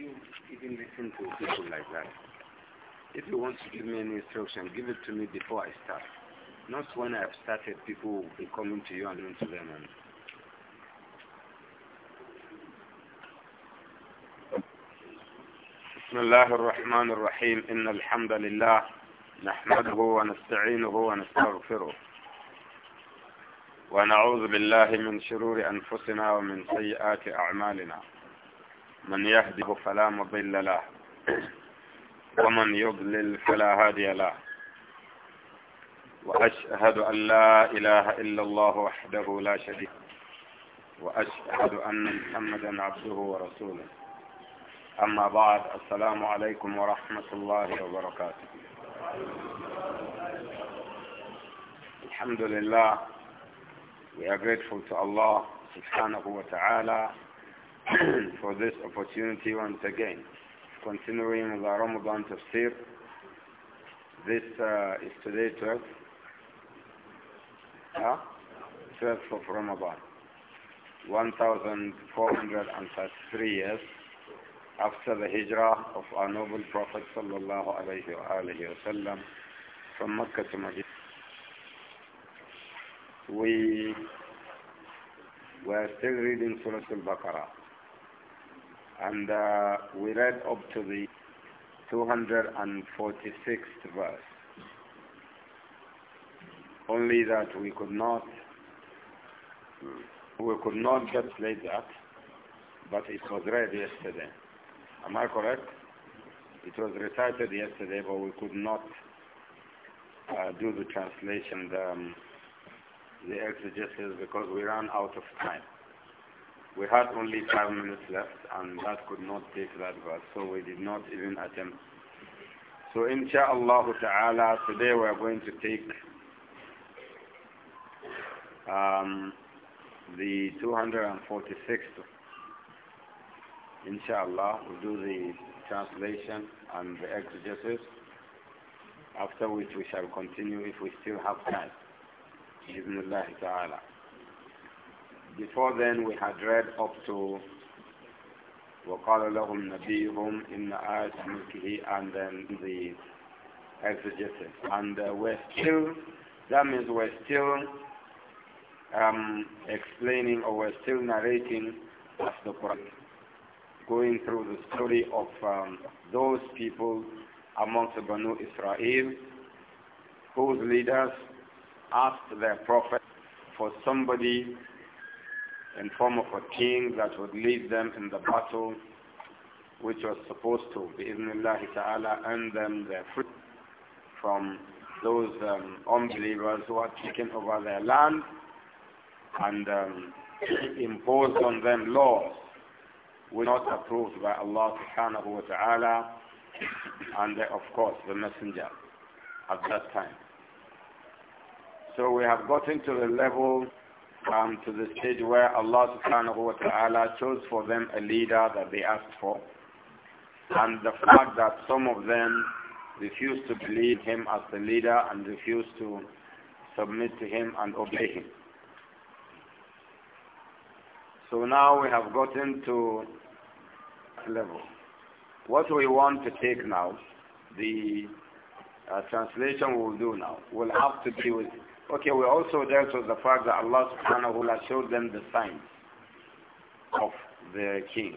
you even listen to people like that? If you want to give me an instruction, give it to me before I start. Not when I've started, people will be coming to you and to them. And بسم الله الرحمن الرحيم إن الحمد لله نحمده ونستعينه ونستغفره ونعوذ بالله من شرور أنفسنا ومن سيئات أعمالنا من يهده فلا مضل له ومن يضلل فلا هادي له وأشهد أن لا إله إلا الله وحده لا شريك وأشهد أن محمدا عبده ورسوله أما بعد السلام عليكم ورحمة الله وبركاته لله we are grateful to Allah subhanahu wa ta'ala for this opportunity once again. Continuing with our Ramadan tafsir, this uh, is today 12th, huh? 12th of Ramadan, 1433 years after the hijrah of our noble Prophet sallallahu alayhi wa sallam from Mecca to Madinah, We were still reading Surah Al-Baqarah and uh, we read up to the 246th verse. Only that we could not we could not translate that, but it was read yesterday. Am I correct? It was recited yesterday, but we could not uh, do the translation, the, um, the exegesis, because we ran out of time. We had only five minutes left, and that could not take that verse, so we did not even attempt. So insha'Allah ta'ala, today we are going to take um, the 246th. Insha'Allah, we'll do the translation and the exegesis, after which we shall continue if we still have time. Ibn Allah ta'ala. Before then we had read up to وقال لهم نبيهم إن آية ملكه and then the exegesis. And uh, we're still, that means we're still um, explaining or we're still narrating as the Quran, going through the story of um, those people amongst the Banu Israel whose leaders asked their prophet for somebody in form of a king that would lead them in the battle which was supposed to, bi'idhnillahi ta'ala, earn them their fruit from those um, unbelievers who had taken over their land and um, imposed on them laws which were not approved by Allah subhanahu wa ta'ala and uh, of course the messenger at that time. So we have gotten to the level um, to the stage where Allah subhanahu wa ta'ala chose for them a leader that they asked for. And the fact that some of them refused to believe him as the leader and refused to submit to him and obey him. So now we have gotten to level. What we want to take now, the uh, translation we'll do now, will have to deal. with Okay, we also dealt with the fact that Allah subhanahu wa ta'ala showed them the signs of the king.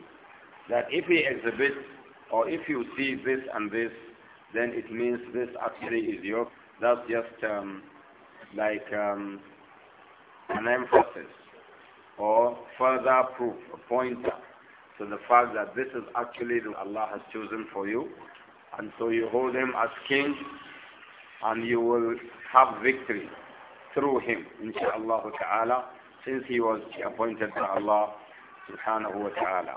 That if he exhibits or if you see this and this, then it means this actually is your, that's just um, like um, an emphasis or further proof, a pointer to the fact that this is actually what Allah has chosen for you. And so you hold him as king and you will have victory through him, insha'Allah ta'ala, since he was appointed by Allah subhanahu wa ta'ala.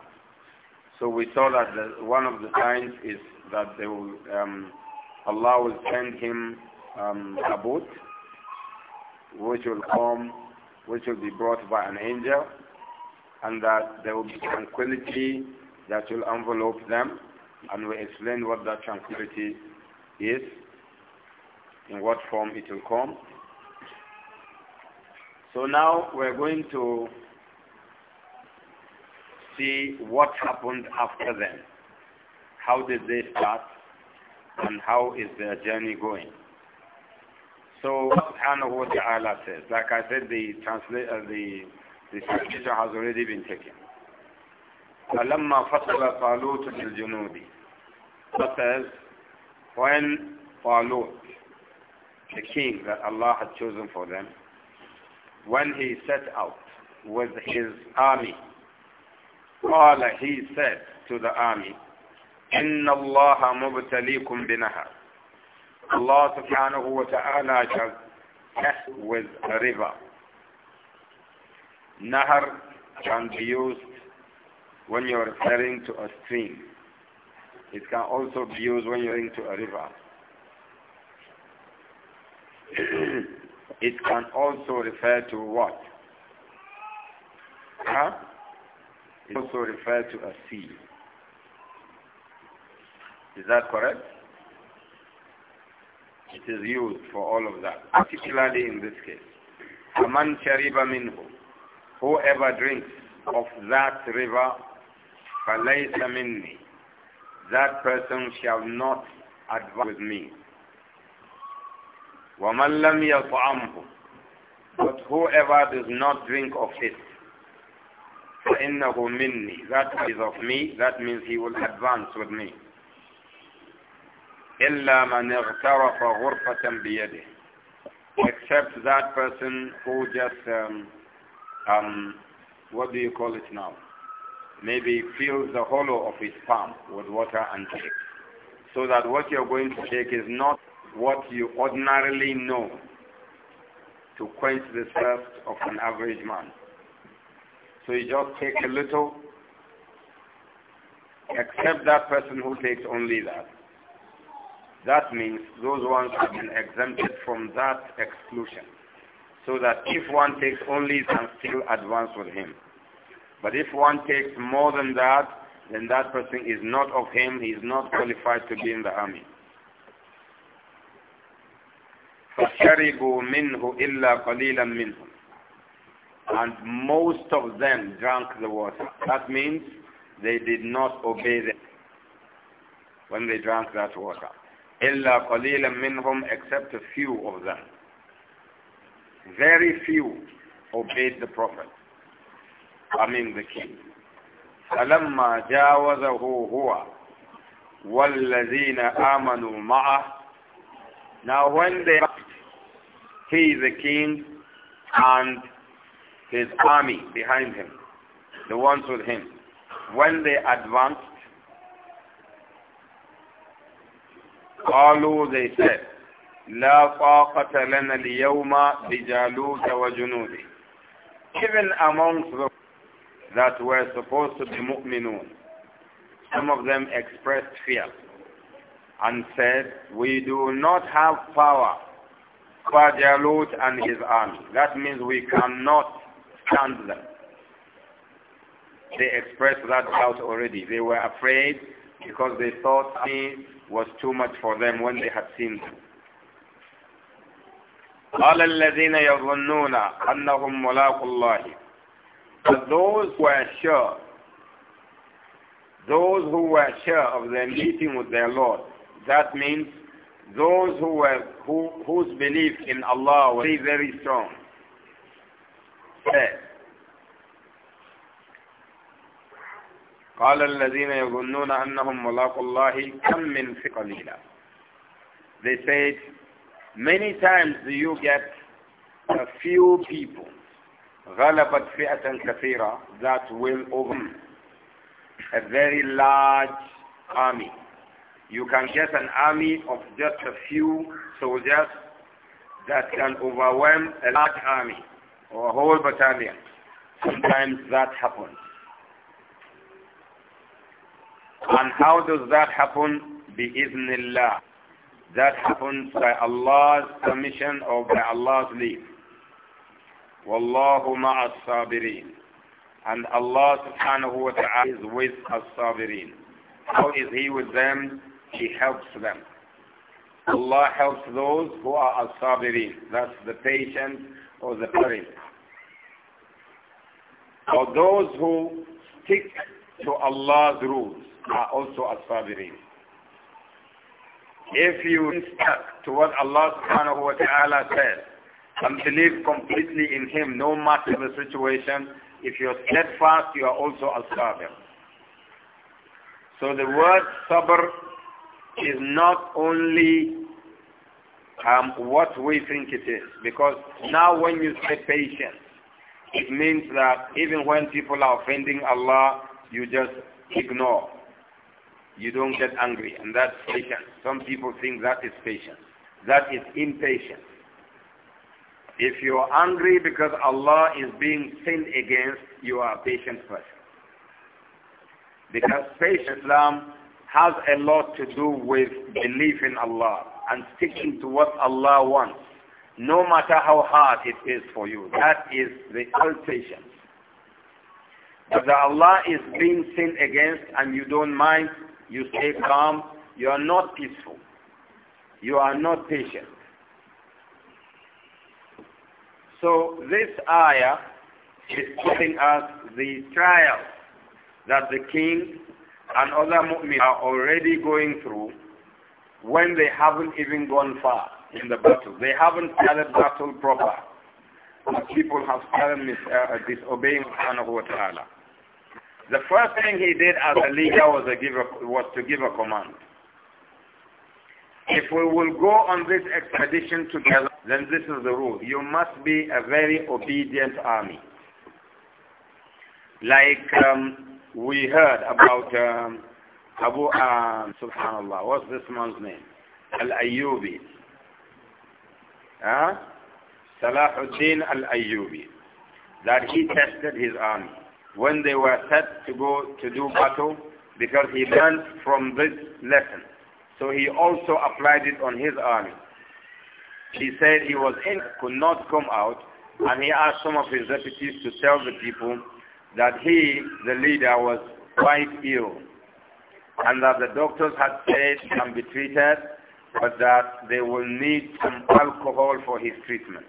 So we saw that the, one of the signs is that will, um, Allah will send him um, a boat, which will come, which will be brought by an angel, and that there will be tranquility that will envelop them, and we explain what that tranquility is, in what form it will come. So now we're going to see what happened after them. How did they start and how is their journey going? So subhanahu wa ta'ala says, like I said, the translation, uh, the, the translation has already been taken. فَلَمَّا فَصَلَ طَالُوتُ بِالْجُنُودِ That says, when Talut, the king that Allah had chosen for them, when he set out with his army. قال he said to the army, إن الله مبتليكم بنهر. Allah subhanahu wa ta'ala shall test with a river. Nahar can be used when you're referring to a stream. It can also be used when you're into a river. it can also refer to what? Huh? It also refer to a sea. Is that correct? It is used for all of that, particularly in this case. Aman shariba minhu, whoever drinks of that river, falaysa minni, that person shall not advance with me. وَمَنْ لَمْ يَطْعَمْهُ But whoever does not drink of it, فَإِنَّهُ مِنِّي That is of me, that means he will advance with me. إِلَّا مَنْ اغْتَرَفَ غُرْفَةً بِيَدِهِ Except that person who just, um, um, what do you call it now? Maybe fills the hollow of his palm with water and takes. So that what you're going to take is not what you ordinarily know to quench the thirst of an average man. So you just take a little, except that person who takes only that. That means those ones have been exempted from that exclusion. So that if one takes only, can still advance with him. But if one takes more than that, then that person is not of him, he is not qualified to be in the army. فَشَرِبُوا مِنْهُ إِلَّا قَلِيلًا مِنْهُمْ And most of them drank the water. That means they did not obey them when they drank that water. إِلَّا قَلِيلًا مِنْهُمْ Except a few of them. Very few obeyed the Prophet. I mean the king. فَلَمَّا جَاوَزَهُ هُوَ وَالَّذِينَ آمَنُوا مَعَهُ Now when they he is a king and his army behind him, the ones with him. When they advanced, قالوا they said, لا طاقة لنا اليوم بجالوت وجنوده. Even amongst those that were supposed to be mu'minun, some of them expressed fear and said, we do not have power kufar and his army. That means we cannot stand them. They expressed that doubt already. They were afraid because they thought he was too much for them when they had seen them. قال الذين يظنون أنهم ملاق الله But those who were sure, those who were sure of their meeting with their Lord, that means those who were, who, whose belief in Allah was very, very strong قال الذين يظنون أنهم الله كم من They said, many times do you get a few people غلبت فئة كثيرة that will overcome a very large army you can get an army of just a few soldiers that can overwhelm a large army or a whole battalion. Sometimes that happens. And how does that happen? Bi-Iznillah. That happens by Allah's permission or by Allah's leave. Wallahu ma'as sabirin. And Allah subhanahu wa ta'ala is with as sabirin. How is He with them? He helps them. Allah helps those who are al sabirin That's the patient or the parent. Or those who stick to Allah's rules are also al sabirin If you stuck to what Allah subhanahu wa ta'ala says and believe completely in Him no matter the situation, if you're steadfast, you are also al sabir So the word sabr is not only um, what we think it is. Because now when you say patience, it means that even when people are offending Allah, you just ignore. You don't get angry. And that's patience. Some people think that is patience. That is impatience. If you are angry because Allah is being sinned against, you are a patient person. Because patience, Islam has a lot to do with belief in Allah and sticking to what Allah wants, no matter how hard it is for you. That is the ultimation. Whether Allah is being sinned against and you don't mind, you stay calm, you are not peaceful. You are not patient. So this ayah is putting us the trial that the king and other mu'min are already going through when they haven't even gone far in the battle. They haven't started battle proper. The people have started mis- uh, disobeying subhanahu wa ta'ala. The first thing he did as a leader was, a give a, was to give a command. If we will go on this expedition together, then this is the rule. You must be a very obedient army. Like um, we heard about um, Abu, um, subhanallah, what's this man's name? Al-Ayyubi. Huh? Salahuddin Al-Ayyubi. That he tested his army when they were set to go to do battle because he learned from this lesson. So he also applied it on his army. He said he was in, could not come out, and he asked some of his deputies to tell the people that he, the leader, was quite ill and that the doctors had said he can be treated but that they will need some alcohol for his treatment.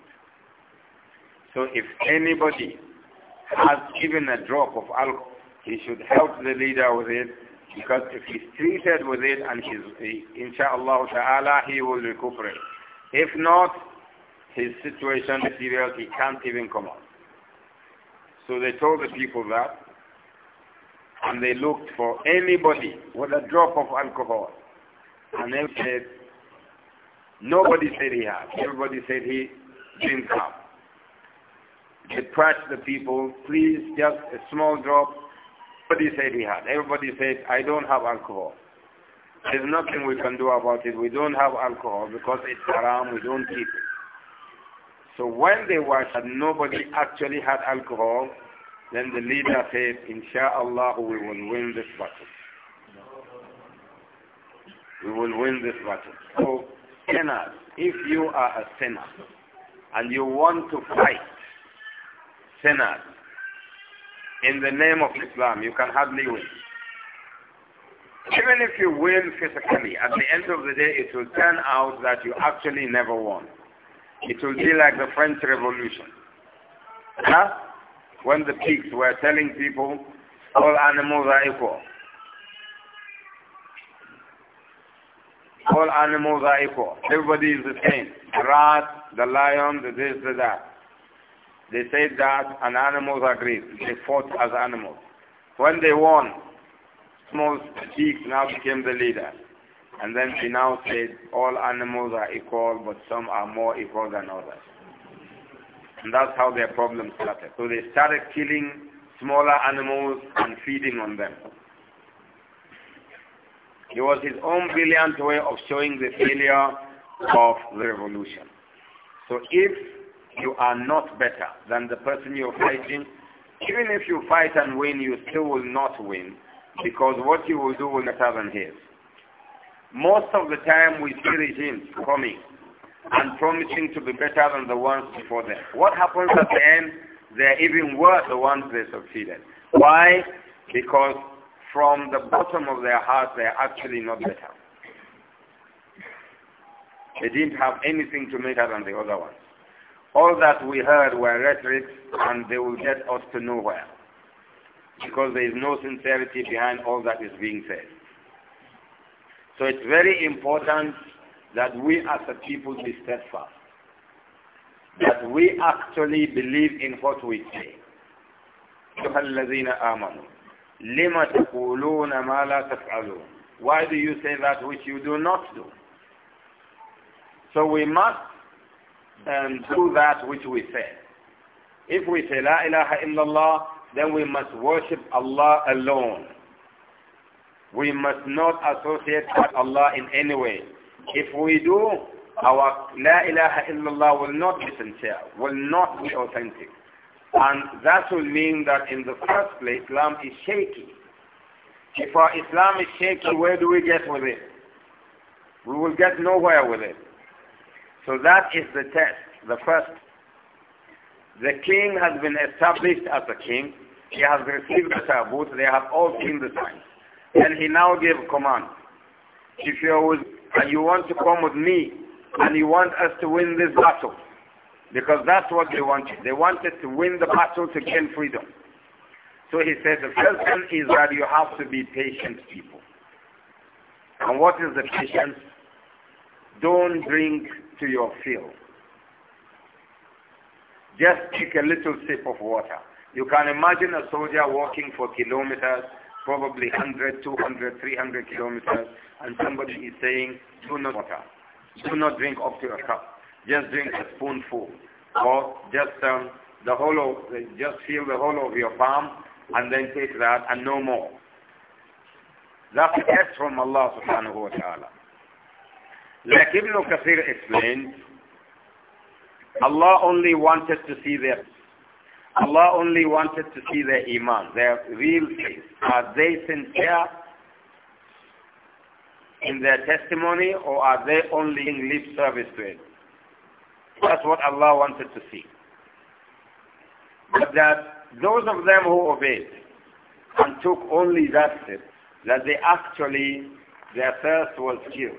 So if anybody has given a drop of alcohol, he should help the leader with it because if he's treated with it and he's, inshallah ta'ala, he will recuperate. If not, his situation is serious, he can't even come out. So they told the people that, and they looked for anybody with a drop of alcohol. And they said, nobody said he had. Everybody said he didn't have. They pressed the people, please, just a small drop. Nobody said he had. Everybody said, I don't have alcohol. There's nothing we can do about it. We don't have alcohol because it's haram. We don't keep it. So when they watched that nobody actually had alcohol, then the leader said, Insha'Allah, we will win this battle. We will win this battle. So, sinners, if you are a sinner and you want to fight sinners in the name of Islam, you can hardly win. Even if you win physically, at the end of the day, it will turn out that you actually never won. It will be like the French Revolution. Huh? When the pigs were telling people all animals are equal. All animals are equal. Everybody is the same. The rat, the lion, the this, the that. They said that and animals agreed. They fought as animals. When they won, small pigs now became the leader. And then she now said all animals are equal, but some are more equal than others. And that's how their problem started. So they started killing smaller animals and feeding on them. It was his own brilliant way of showing the failure of the revolution. So if you are not better than the person you're fighting, even if you fight and win, you still will not win because what you will do will be better than his. Most of the time we see regimes coming and promising to be better than the ones before them. What happens at the end? They're even worse the ones they succeeded. Why? Because from the bottom of their heart, they're actually not better. They didn't have anything to make them than the other ones. All that we heard were rhetoric and they will get us to nowhere. Because there is no sincerity behind all that is being said. So it's very important that we as a people be steadfast. That we actually believe in what we say. Why do you say that which you do not do? So we must um, do that which we say. If we say La ilaha illallah, then we must worship Allah alone. We must not associate with Allah in any way. If we do, our La ilaha illallah will not be sincere, will not be authentic. And that will mean that in the first place, Islam is shaky. If our Islam is shaky, where do we get with it? We will get nowhere with it. So that is the test, the first. The king has been established as a king. He has received the taboot. They have all seen the signs. And he now gave command. If you are with, and you want to come with me, and you want us to win this battle, because that's what they wanted. They wanted to win the battle to gain freedom. So he said, the first thing is that you have to be patient people. And what is the patience? Don't drink to your fill. Just take a little sip of water. You can imagine a soldier walking for kilometers probably 100, 200, 300 kilometers, and somebody is saying, do not water. Do not drink up to a cup. Just drink a spoonful. Or just um, the whole of, just fill the whole of your palm and then take that and no more. That's a test from Allah subhanahu wa ta'ala. Like Ibn Kathir explained, Allah only wanted to see their Allah only wanted to see their iman, their real faith. Are they sincere in their testimony or are they only in lip service to it? That's what Allah wanted to see. But that those of them who obeyed and took only that step, that they actually, their thirst was killed.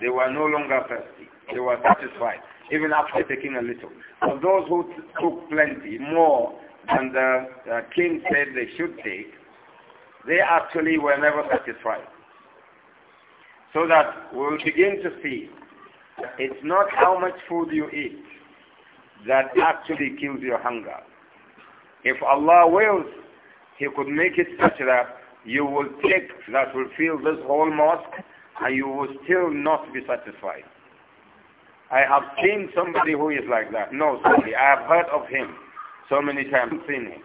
They were no longer thirsty. They were satisfied even after taking a little. For those who took plenty, more than the, uh, king said they should take, they actually were never satisfied. So that we'll begin to see it's not how much food you eat that actually kills your hunger. If Allah wills, He could make it such that you will take that will fill this whole mosque and you will still not be satisfied. I have seen somebody who is like that. No, sorry, I have heard of him so many times, seen him.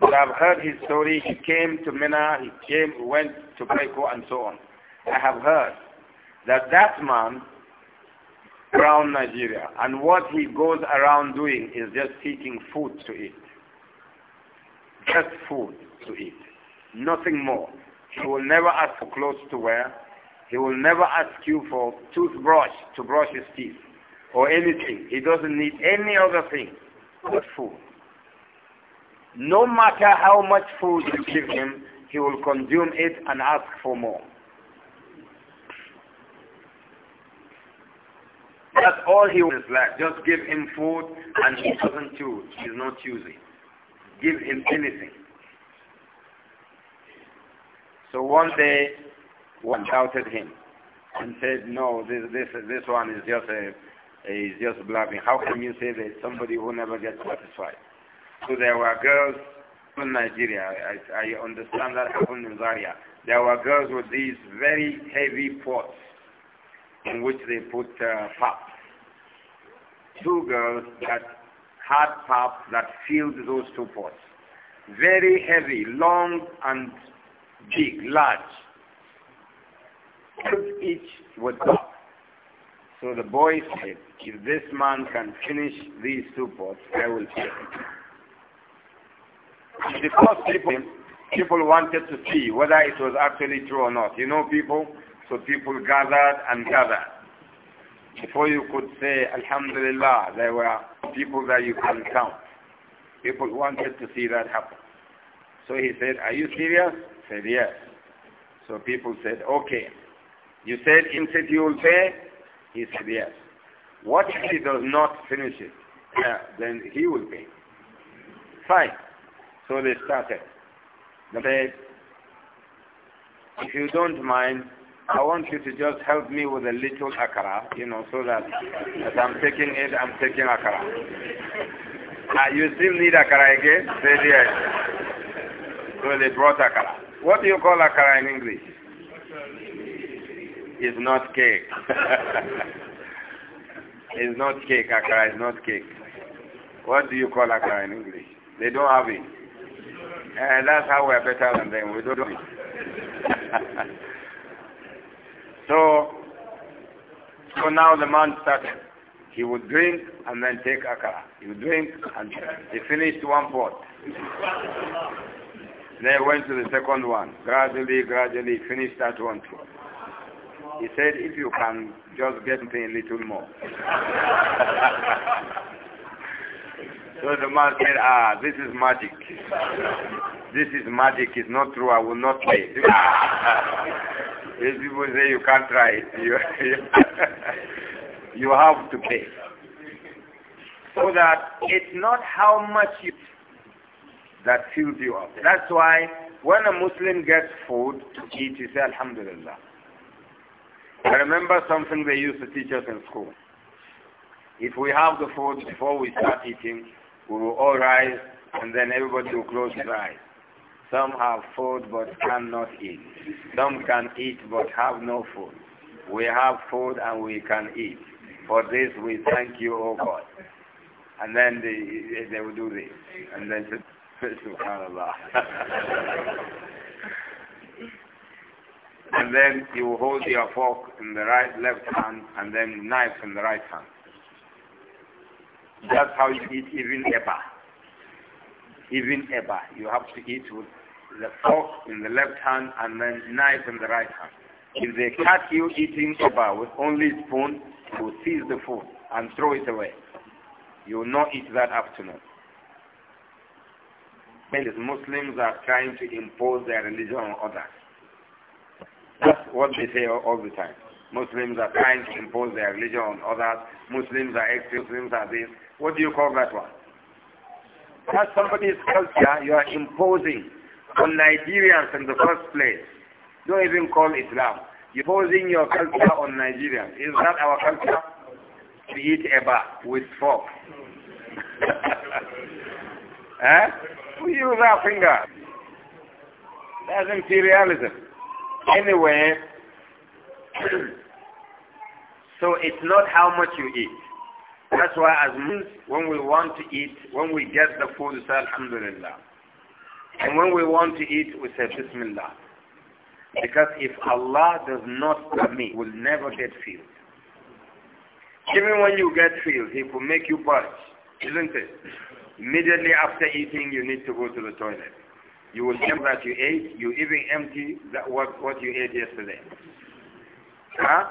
But I've heard his story. He came to Mina, he came, went to Paiko and so on. I have heard that that man around Nigeria. And what he goes around doing is just seeking food to eat. Just food to eat. Nothing more. He will never ask for clothes to wear. He will never ask you for toothbrush to brush his teeth or anything. He doesn't need any other thing but food. No matter how much food you give him, he will consume it and ask for more. That's all he wants like. Just give him food and he doesn't choose. He's not choosing. Give him anything. So one day one doubted him and said, no, this, this, this one is just, a, is just bluffing. How can you say that somebody who never gets satisfied? So there were girls in Nigeria. I, I understand that happened in Zaria. There were girls with these very heavy pots in which they put uh, pap. Two girls that had pap that filled those two pots. Very heavy, long and big, large each with God. So the boy said, if this man can finish these two pots, I will kill him. Because people, people wanted to see whether it was actually true or not. You know people? So people gathered and gathered. Before you could say, Alhamdulillah, there were people that you can count. People wanted to see that happen. So he said, are you serious? said, yes. So people said, okay. You said, he said you will pay? He said yes. What if he does not finish it? Uh, then he will pay. Fine. So they started. They said, if you don't mind, I want you to just help me with a little akara, you know, so that as I'm taking it, I'm taking akara. Uh, you still need akara again? They yes. So they brought akara. What do you call akara in English? is not cake. it's not cake, akara is not cake. What do you call akara in English? They don't have it. And eh, that's how we're better than them. We don't do it. so, so now the man started. He would drink and then take akara. He would drink and he finished one pot. Then went to the second one. Gradually, gradually finished that one too. He said, if you can just get me a little more. so the man said, ah, this is magic. This is magic. It's not true. I will not pay. These people say you can't try it. You, you have to pay. So that it's not how much you that fills you up. That's why when a Muslim gets food to eat, he says, Alhamdulillah. I remember something they used to teach us in school. If we have the food before we start eating, we will all rise and then everybody will close their eyes. Some have food but cannot eat. Some can eat but have no food. We have food and we can eat. For this we thank you, O God. And then they, they will do this. And then, subhanAllah. and then you hold your fork in the right left hand and then knife in the right hand. That's how you eat even ever, Even ever. You have to eat with the fork in the left hand and then knife in the right hand. If they catch you eating eba with only spoon, you will seize the food and throw it away. You will not eat that afternoon. Muslims are trying to impose their religion on others. That's what they say all, the time. Muslims are trying to impose their religion on others. Muslims are extremists, Muslims are this. What do you call that one? That's somebody's culture you are imposing on Nigerians in the first place. Don't even call Islam. You're imposing your culture on Nigerians. Is that our culture? To eat eba with fork. eh? We use our finger. That's imperialism. Anyway, so it's not how much you eat. That's why as Muslims, when we want to eat, when we get the food, we say Alhamdulillah. And when we want to eat, we say Bismillah. Because if Allah does not permit, we'll never get filled. Even when you get filled, He will make you purge, isn't it? Immediately after eating, you need to go to the toilet. You will name that you ate. You even empty that what, what you ate yesterday. Huh?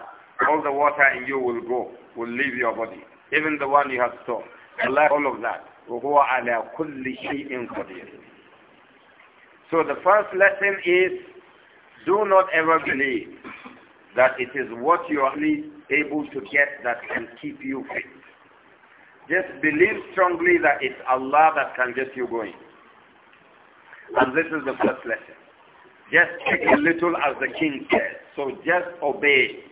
All the water in you will go, will leave your body. Even the one you have stored. Allah, all of that. So the first lesson is do not ever believe that it is what you are able to get that can keep you fit. Just believe strongly that it's Allah that can get you going. And this is the first lesson. Just take a little as the king says. So just obey.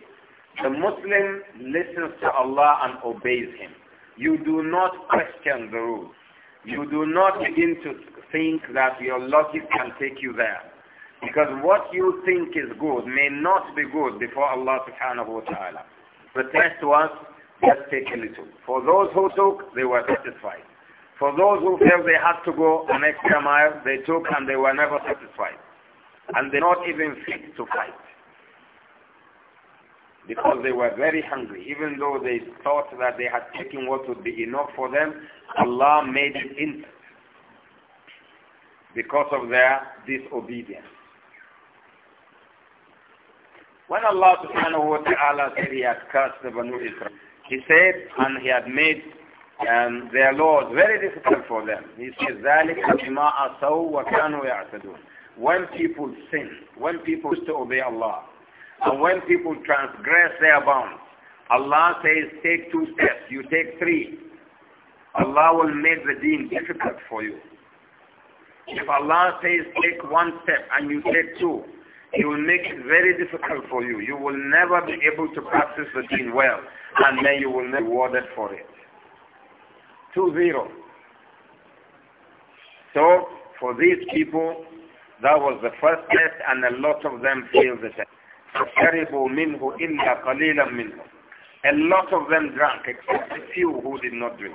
The Muslim listens to Allah and obeys him. You do not question the rules. You do not begin to think that your logic can take you there. Because what you think is good may not be good before Allah subhanahu wa ta'ala. The test was just take a little. For those who took, they were satisfied. For those who felt they had to go an extra mile, they took and they were never satisfied. And they're not even fit to fight. Because they were very hungry. Even though they thought that they had taken what would be enough for them, Allah made it instant. Because of their disobedience. When Allah subhanahu wa ta'ala said he had cursed the Banu Israel, he said, and he had made and their laws very difficult for them. He says, ذَلِكَ بِمَا أَصَوْا وَكَانُوا يَعْتَدُونَ When people sin, when people disobey Allah, and when people transgress their bounds, Allah says, take two steps, you take three. Allah will make the deen difficult for you. If Allah says, take one step and you take two, He will make it very difficult for you. You will never be able to practice the deen well, and then you will never be rewarded for it. Two zero. So for these people, that was the first test and a lot of them failed the test. فَشَرِبُوا مِنْهُ إِلَّا قَلِيلًا مِنْهُ A lot of them drank except a few who did not drink.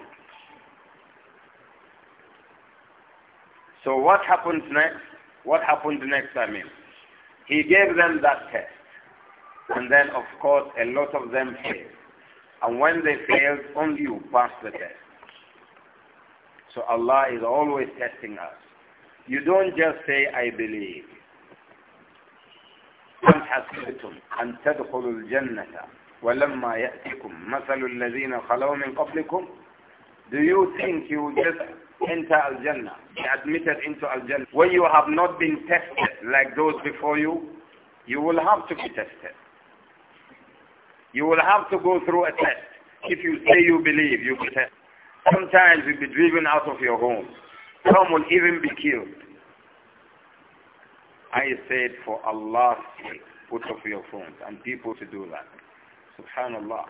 So what happens next? What happened next, I mean? He gave them that test. And then, of course, a lot of them failed. And when they failed, only you passed the test. So Allah is always testing us. You don't just say, I believe. أم حسبتم أن تدخلوا الجنة ولما يأتكم مثل الذين خلوا من قبلكم Do you think you just enter Al-Jannah, be admitted into Al-Jannah? When you have not been tested like those before you, you will have to be tested. You will have to go through a test. If you say you believe, you be tested. Sometimes you'll be driven out of your home. Some will even be killed. I said, for Allah's sake, put off your phones and people to do that. Subhanallah.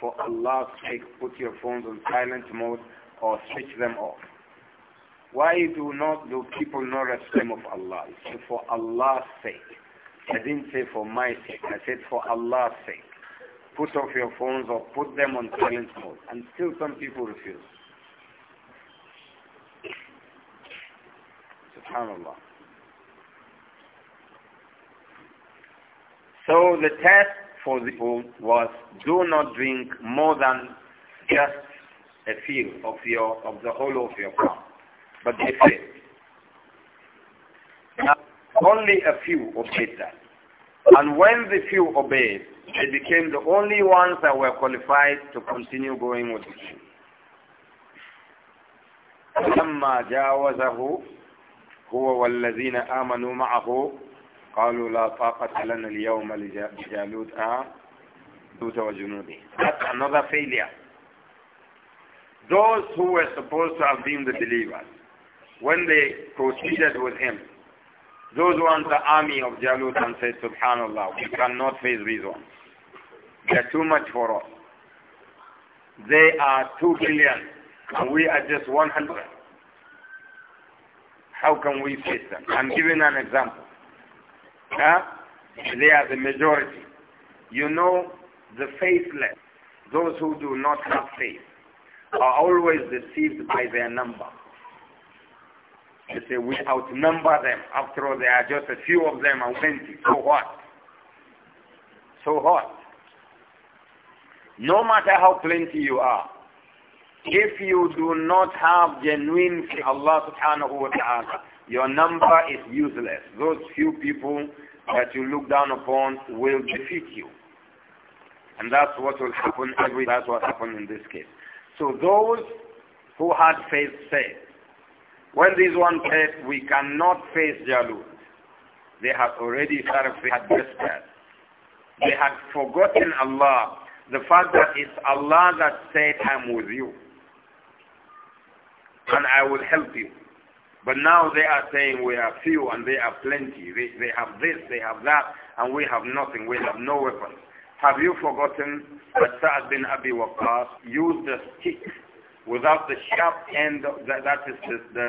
For Allah's sake, put your phones on silent mode or switch them off. Why do not do people not respect of Allah? It's for Allah's sake. I didn't say for my sake. I said for Allah's sake put off your phones or put them on silent mode. And still some people refuse. Subhanallah. So the test for the people was do not drink more than just a few of your of the whole of your palm. But they failed. Now, only a few obeyed that. And when the few obeyed, they became the only ones that were qualified to continue going with the king. جاوزه هو والذين آمنوا معه قالوا لا طاقة لنا اليوم لجالوت جالوت وجنوده That's another failure. Those who were supposed to have been the believers, when they proceeded with him, those ones the army of Jalut and said, Subhanallah, we cannot face these ones. They're too much for us. They are 2 billion and we are just 100. How can we face them? I'm giving an example. Huh? They are the majority. You know, the faithless, those who do not have faith, are always deceived by their number. They say, we outnumber them. After all, there are just a few of them and 20. So what? So what? No matter how plenty you are, if you do not have genuine Allah subhanahu wa ta'ala, your number is useless. Those few people that you look down upon will defeat you. And that's what will happen every that's what happened in this case. So those who had faith said, when this one said, we cannot face Jalut, they had already started, they had despair. They had forgotten Allah the fact that it's Allah that said, I'm with you and I will help you. But now they are saying we are few and they are plenty. They, they have this, they have that, and we have nothing. We have no weapons. Have you forgotten that Sa'ad bin Abi Waqqas used a stick without the sharp end, of, that is the, the,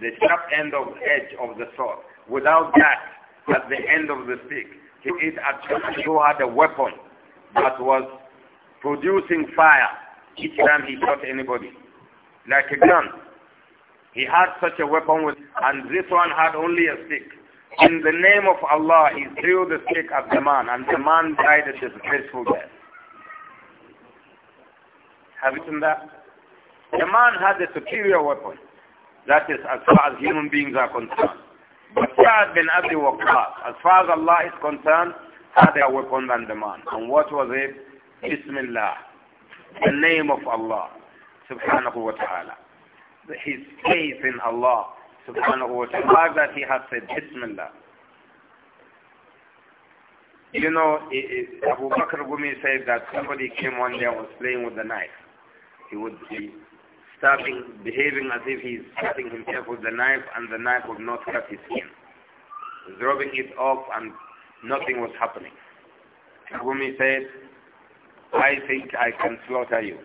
the sharp end of edge of the sword. Without that, at the end of the stick, he is actually who had a weapon that was producing fire each time he shot anybody, like a gun. He had such a weapon with, and this one had only a stick. In the name of Allah, he threw the stick at the man, and the man died a disgraceful death. Have you seen that? The man had a superior weapon. That is as far as human beings are concerned. But Sa'ad bin Abi Waqqas, as far as Allah is concerned, had harder weapon than the man. And what was it? Bismillah. The name of Allah. Subhanahu wa ta'ala. His faith in Allah. Subhanahu wa ta'ala. The fact that he had said Bismillah. You know, it, it, Abu Bakr Gumi said that somebody came one day and was playing with the knife. He would be stabbing, behaving as if he's cutting himself with the knife and the knife would not cut his skin. He's rubbing it off and Nothing was happening. Rumi said, I think I can slaughter you.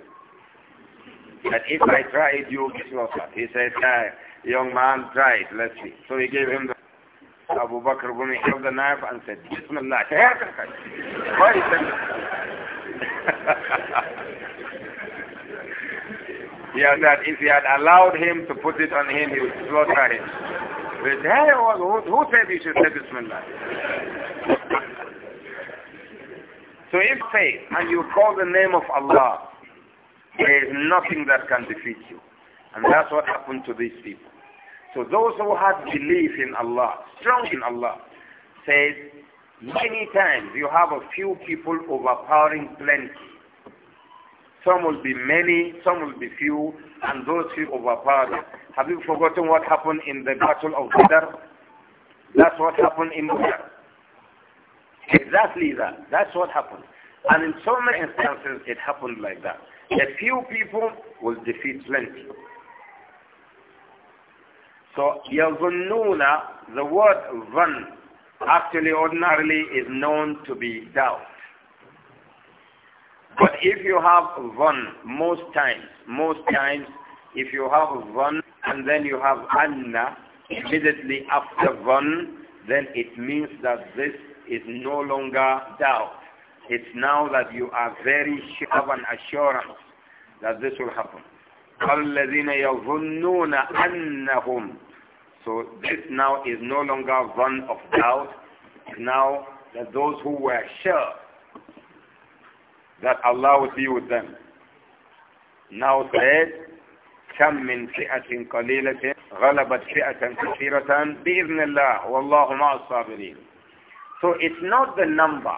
But if I try, you will be slaughtered. He said, ah, young man, try it. Let's see. So he gave him the... Abu Bakr Gumi held the knife and said, Bismillah. Why is that? yeah, that if he had allowed him to put it on him, he would slaughter him. Who said you should say Bismillah? so if faith and you call the name of Allah, there is nothing that can defeat you. And that's what happened to these people. So those who had belief in Allah, strong in Allah, says many times you have a few people overpowering plenty. Some will be many, some will be few, and those few overpower them. Have you forgotten what happened in the Battle of Badr? That's what happened in Badr. Exactly that. That's what happened. And in so many instances, it happened like that. A few people will defeat plenty. So, يظنون, the word ظن actually ordinarily is known to be doubt. But if you have ظن, most times, most times, if you have ظن, and then you have anna immediately after von then it means that this is no longer doubt. It's now that you are very sure and assurance that this will happen. So this now is no longer one of doubt. Now that those who were sure that Allah would be with them now said, كم من فئة قليلة غلبت فئة كثيرة بإذن الله والله مع الصابرين So it's not the number,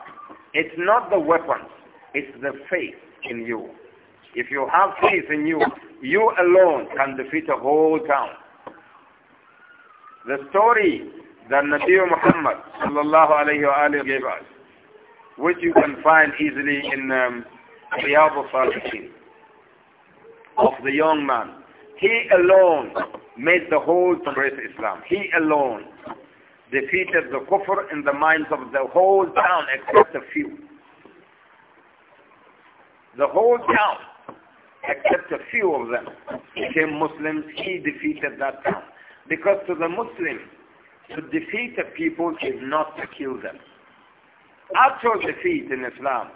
it's not the weapons, it's the faith in you. If you have faith in you, you alone can defeat a whole town. The story that Nabi Muhammad sallallahu alayhi wa gave us, which you can find easily in um, Riyadh of the young man he alone made the whole to embrace Islam. He alone defeated the kufr in the minds of the whole town except a few. The whole town, except a few of them, became Muslims. He defeated that town. Because to the Muslim, to defeat a people is not to kill them. Actual defeat in Islam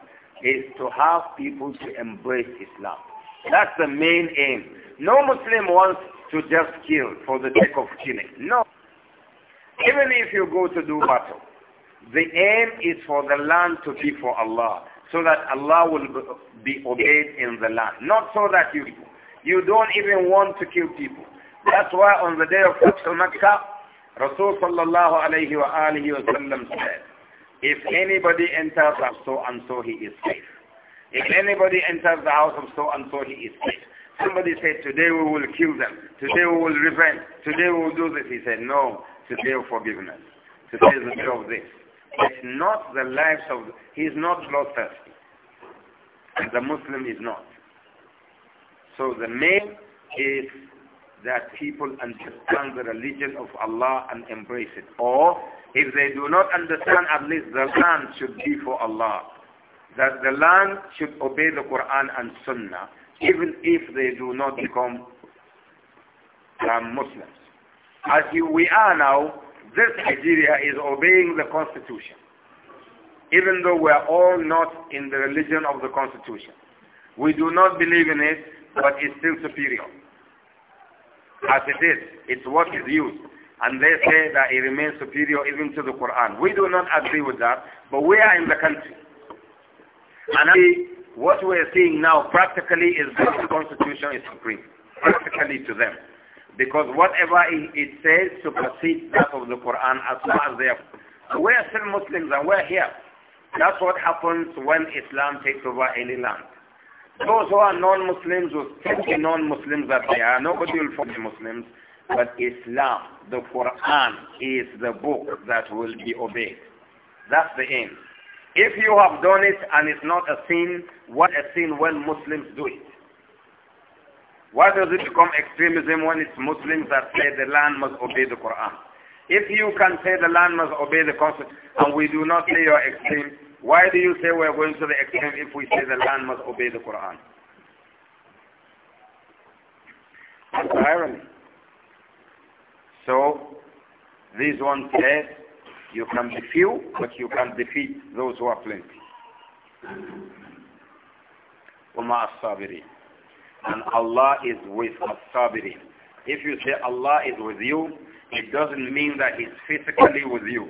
is to have people to embrace Islam. That's the main aim. No Muslim wants to just kill for the sake of killing. No. Even if you go to do battle, the aim is for the land to be for Allah, so that Allah will be obeyed in the land. Not so that you, you don't even want to kill people. That's why on the day of Fatah Makkah, Rasul sallallahu alayhi wa alihi wa sallam said, if anybody enters us so and so, he is safe. If anybody enters the house of so-and-so, he is killed. Somebody said, today we will kill them. Today we will revenge. Today we will do this. He said, no, today of forgiveness. Today is the day of this. It's not the lives of, the, he is not bloodthirsty. And the Muslim is not. So the main is that people understand the religion of Allah and embrace it. Or if they do not understand, at least the land should be for Allah that the land should obey the Quran and Sunnah even if they do not become um, Muslims. As we are now, this Nigeria is obeying the Constitution, even though we are all not in the religion of the Constitution. We do not believe in it, but it's still superior. As it is, it's what is used. And they say that it remains superior even to the Quran. We do not agree with that, but we are in the country. And what we're seeing now practically is that the Constitution is supreme, practically to them. Because whatever it says supersedes that of the Quran as far as they are. We're still Muslims and we're here. That's what happens when Islam takes over any land. Those who are non-Muslims will still be non-Muslims that they are. Nobody will force Muslims. But Islam, the Quran, is the book that will be obeyed. That's the aim. If you have done it and it's not a sin, what a sin when Muslims do it? Why does it become extremism when it's Muslims that say the land must obey the Quran? If you can say the land must obey the Constitution and we do not say you're extreme, why do you say we're going to the extreme if we say the land must obey the Quran? That's irony. So, this one says. You can be few, but you can defeat those who are plenty. وَمَا الصَّابِرِينَ And Allah is with الصَّابِرِينَ If you say Allah is with you, it doesn't mean that He's physically with you.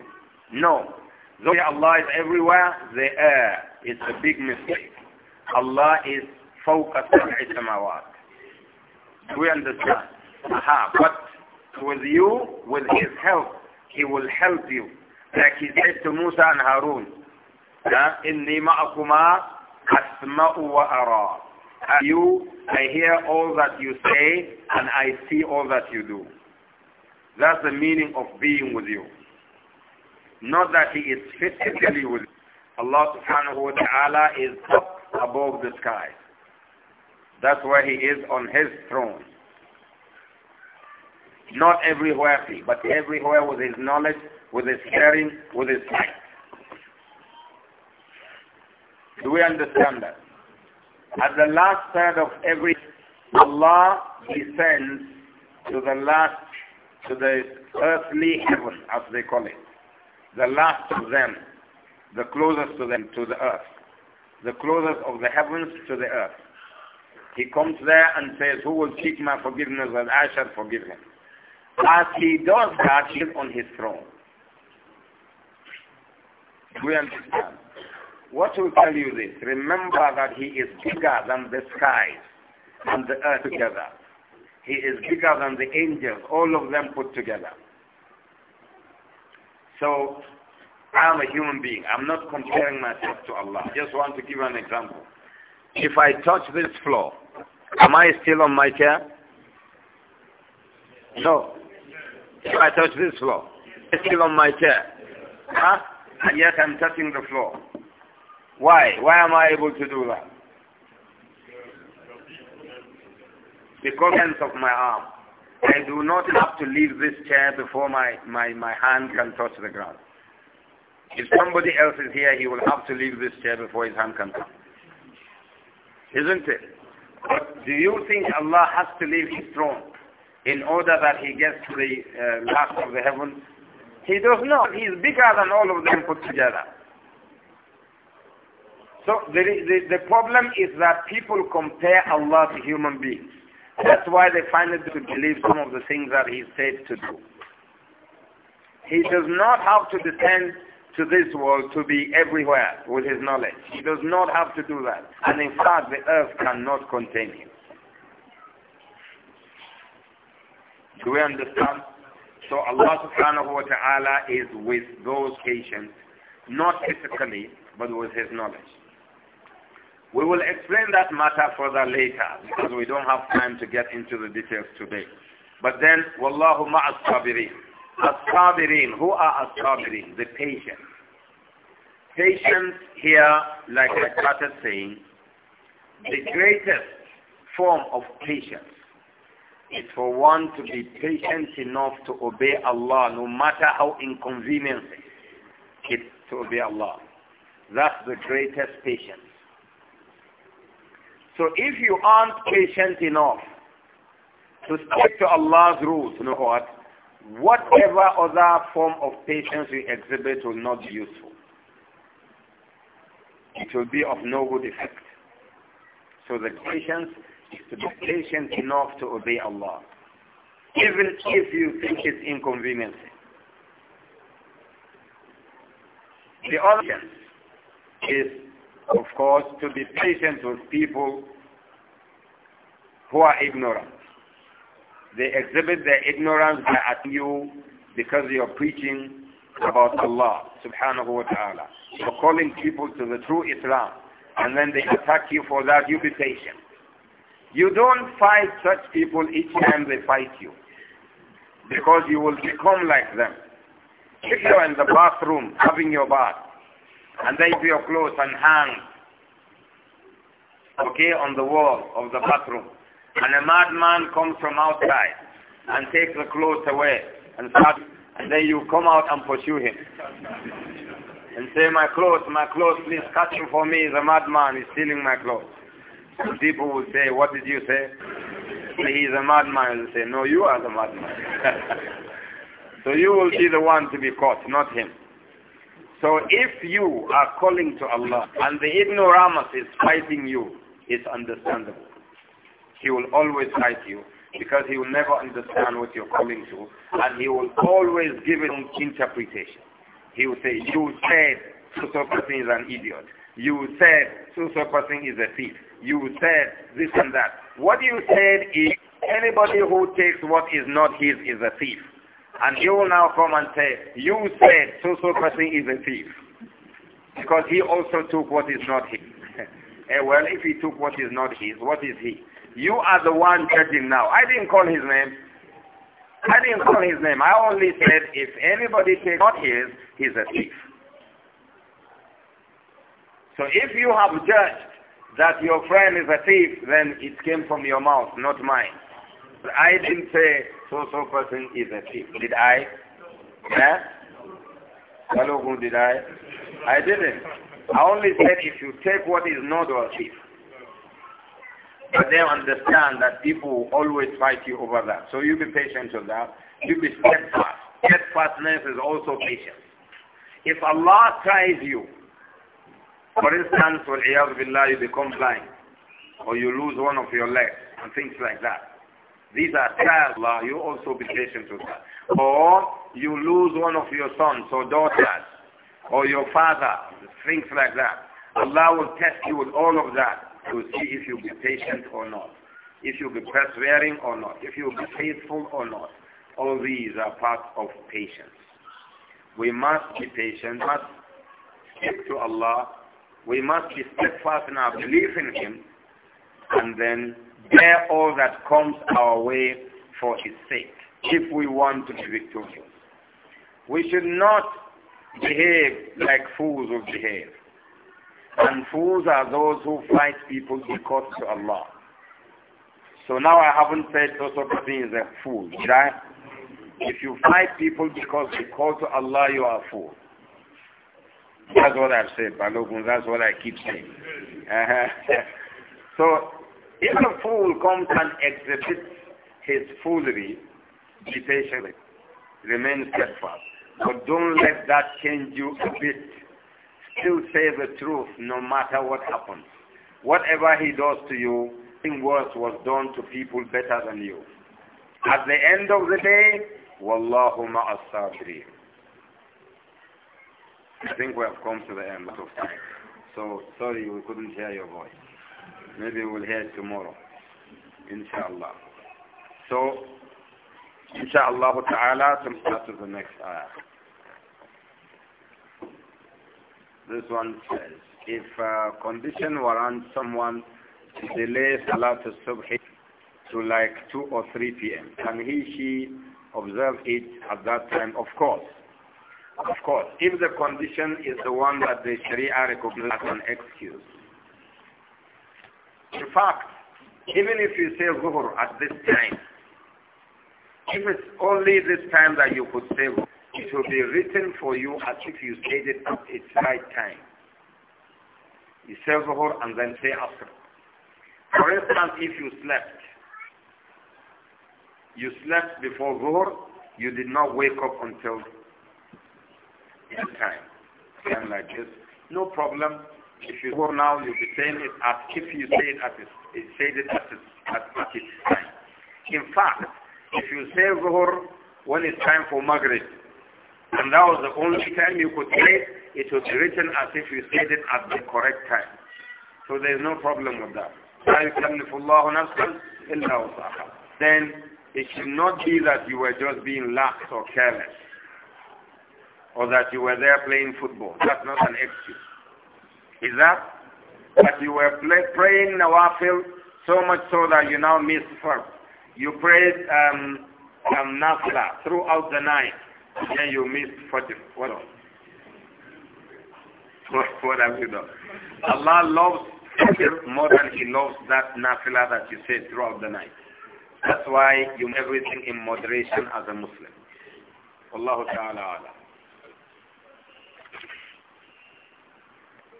No. Though Allah is everywhere, The air It's a big mistake. Allah is focused on سماوات. Do we understand? Aha. But with you, with His help, He will help you like he said to Musa and Harun, إِنِّي مَعَكُمَا أَسْمَعُ وَأَرَى You, I hear all that you say and I see all that you do. That's the meaning of being with you. Not that he is physically with you. Allah subhanahu wa ta'ala is up above the sky. That's where he is on his throne. Not everywhere, but everywhere with his knowledge with his hearing, with his sight. Do we understand that? At the last third of every Allah descends to the last, to the earthly heaven, as they call it. The last of them, the closest to them, to the earth. The closest of the heavens to the earth. He comes there and says, who will seek my forgiveness and I shall forgive him. As he does that, he is on his throne we understand? What will tell you this? Remember that he is bigger than the skies and the earth together. He is bigger than the angels, all of them put together. So I'm a human being. I'm not comparing myself to Allah. I just want to give an example. If I touch this floor, am I still on my chair? No. If I touch this floor, I'm still on my chair. Huh? and yet I'm touching the floor. Why? Why am I able to do that? Because of my arm. I do not have to leave this chair before my, my, my hand can touch the ground. If somebody else is here, he will have to leave this chair before his hand can touch. Isn't it? But do you think Allah has to leave his throne in order that he gets to the uh, last of the heavens? He does not. He is bigger than all of them put together. So the, the, the problem is that people compare Allah to human beings. That's why they find it to believe some of the things that He said to do. He does not have to descend to this world to be everywhere with his knowledge. He does not have to do that. And in fact, the earth cannot contain him. Do we understand? So Allah subhanahu wa ta'ala is with those patients, not physically, but with his knowledge. We will explain that matter further later because we don't have time to get into the details today. But then, Wallahu ma'as-sabirin. As-sabirin. Who are as-sabirin? The patient. Patients here, like I started saying, the greatest form of patience is for one to be patient enough to obey Allah, no matter how inconvenient it is to obey Allah. That's the greatest patience. So if you aren't patient enough to stick to Allah's rules, you know what? Whatever other form of patience you exhibit will not be useful. It will be of no good effect. So the patience to be patient enough to obey Allah, even if you think it's inconvenient. The other is, of course, to be patient with people who are ignorant. They exhibit their ignorance by at you because you're preaching about Allah subhanahu wa ta'ala. You're calling people to the true Islam and then they attack you for that, you be patient. You don't fight such people each time they fight you because you will become like them. If you're in the bathroom having your bath and they put your clothes and hang, okay, on the wall of the bathroom and a madman comes from outside and takes the clothes away and and then you come out and pursue him and say, my clothes, my clothes, please catch him for me, the madman is stealing my clothes people will say, what did you say? He is a madman. You'll say, no, you are the madman. so you will be the one to be caught, not him. So if you are calling to Allah and the ignoramus is fighting you, it's understandable. He will always fight you because he will never understand what you're calling to and he will always give an interpretation. He will say, you said so is an idiot. You said so-so is a thief you said this and that. What you said is anybody who takes what is not his is a thief. And you will now come and say, you said so-so person is a thief. Because he also took what is not his. eh, well, if he took what is not his, what is he? You are the one judging now. I didn't call his name. I didn't call his name. I only said if anybody takes not his, he's a thief. So if you have judged that your friend is a thief, then it came from your mouth, not mine. I didn't say so-so person is a thief. Did I? Yeah? Hello, did I? I didn't. I only said if you take what is not your thief. But they understand that people always fight you over that. So you be patient on that. You be steadfast. Steadfastness is also patience. If Allah tries you, for instance, when Iyaz Billah, you become blind, or you lose one of your legs, and things like that. These are trials, you also be patient with that. Or you lose one of your sons or daughters, or your father, things like that. Allah will test you with all of that to see if you be patient or not, if you be persevering or not, if you be faithful or not. All these are part of patience. We must be patient, must stick to Allah we must be steadfast in our belief in him and then bear all that comes our way for his sake if we want to be victorious. We should not behave like fools would behave. And fools are those who fight people because to Allah. So now I haven't said Sosokrates is a fool, did I? If you fight people because they call to Allah, you are a fool. That's what I've said, Balogun. That's what I keep saying. Uh-huh. so if a fool comes and exhibits his foolery, be patient. Remain steadfast. But don't let that change you a bit. Still say the truth no matter what happens. Whatever he does to you, nothing worse was done to people better than you. At the end of the day, Wallahu ma'as-sabirin. I think we have come to the end of time. So sorry we couldn't hear your voice. Maybe we'll hear it tomorrow. Inshallah. So inshallah ta'ala some start to the next ayah. This one says if a condition warrants someone to delay Salat al-Subh to like 2 or 3 p.m., can he, she observe it at that time? Of course. Of course, if the condition is the one that the Sharia recognizes as an excuse. In fact, even if you say Zuhur at this time, if it's only this time that you could say it will be written for you as if you said it at its right time. You say Zuhur and then say after. For instance, if you slept, you slept before Zuhur, you did not wake up until time. Time like this. No problem. If you go now, you'll be saying it as if you say it as it, said it at it, at its time. In fact, if you say Zuhur when it's time for Maghrib, and that was the only time you could say it, it was written as if you said it at the correct time. So there is no problem with that. Then it should not be that you were just being lax or careless or that you were there playing football. That's not an excuse. Is that? That you were play, praying Nawafil so much so that you now miss Farb. You prayed um, um, throughout the night, then you missed Fajr. What What, have you done? Allah loves Fajr more than He loves that Nafila that you say throughout the night. That's why you everything in moderation as a Muslim. Allahu Ta'ala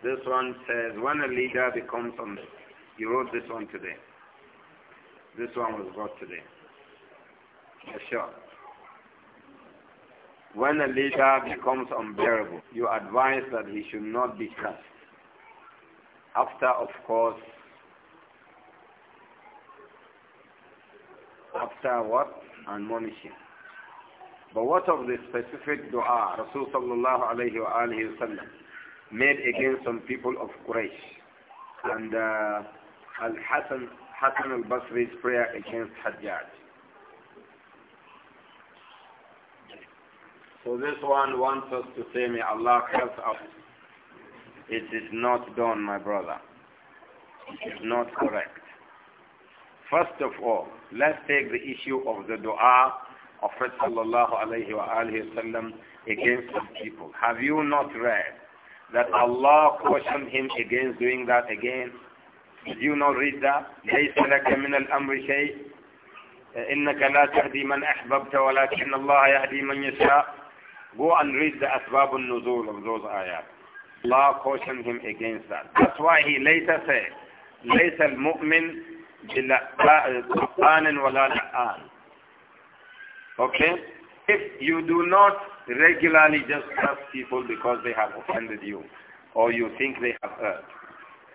This one says, when a leader becomes on, you wrote this one today. This one was brought today. For sure. When a leader becomes unbearable, you advise that he should not be cast. After, of course, after what? Admonishing. But what of the specific dua, Rasul sallallahu alayhi wa made against some people of Quraysh. And uh, Al-Hassan Hassan al-Basri's prayer against Hajjaj. So this one wants us to say, may Allah help us. It is not done, my brother. It is not correct. First of all, let's take the issue of the dua of Prophet sallallahu alayhi wa sallam against the people. Have you not read that Allah cautioned him against doing that again. Did you not read that? ليس لك من الأمر شيء إنك لا تهدي من أحببت ولكن الله يهدي من يشاء. Go and read the أسباب النزول of those ayat. Allah cautioned him against that. That's why he later said, ليس المؤمن بلقان ولا لآن. Okay? If you do not regularly just curse people because they have offended you or you think they have hurt.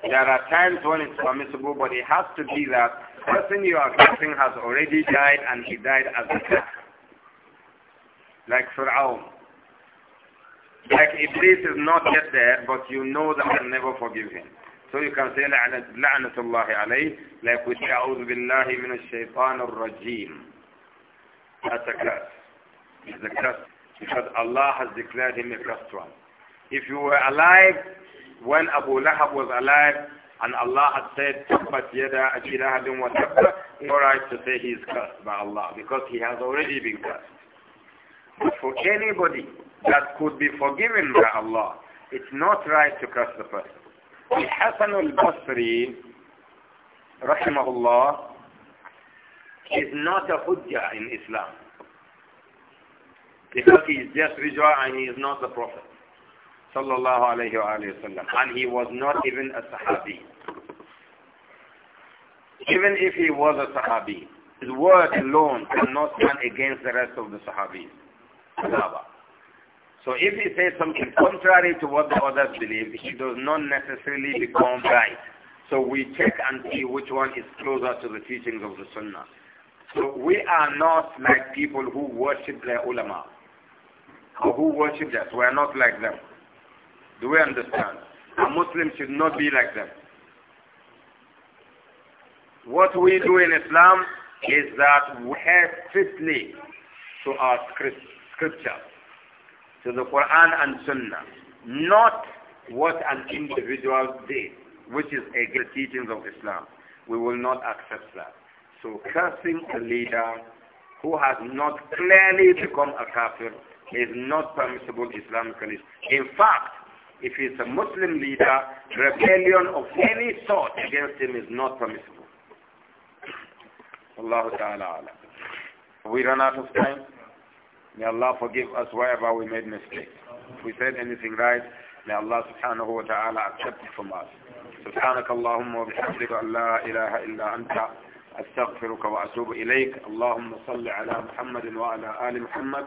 There are times when it's permissible, but it has to be that the person you are cursing has already died and he died as a kafir. Like Fir'aun. Like Iblis is not yet there, but you know that I'll never forgive him. So you can say, La'natullahi alayh, like we say, A'udhu billahi min ash-shaytan ar-rajim. That's a curse. It's a curse. Because Allah has declared him a one. If you were alive when Abu Lahab was alive and Allah had said, Tabbat yada abi lahabin wa tabba, no right to say he is cursed by Allah because he has already been cursed. But for anybody that could be forgiven by Allah, it's not right to curse the person. Hassan al-Basri, rahimahullah, is not a hujjah in Islam. Because he is just visual and he is not the Prophet. Sallallahu alayhi wa And he was not even a Sahabi. Even if he was a Sahabi, his word alone cannot stand against the rest of the Sahabis. So if he says something contrary to what the others believe, he does not necessarily become right. So we check and see which one is closer to the teachings of the Sunnah. So we are not like people who worship their ulama or who that? We are not like them. Do we understand? A Muslim should not be like them. What we do in Islam is that we have strictly to our scripture, to the Quran and Sunnah, not what an individual did, which is against the teachings of Islam. We will not accept that. So cursing a leader who has not clearly become a kafir is not permissible Islamically. In fact, if he's a Muslim leader, rebellion of any sort against him is not permissible. Allah Ta'ala We run out of time. May Allah forgive us wherever we made mistakes. If we said anything right, may Allah subhanahu wa ta'ala accept it from us. سبحانك اللهم وبحمدك أن لا إله إلا أنت أستغفرك وأتوب إليك اللهم صل على محمد وعلى آل محمد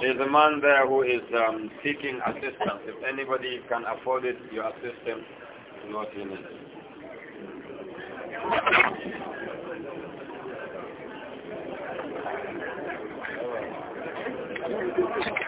There's a man there who is um, seeking assistance. If anybody can afford it, you assist him in it.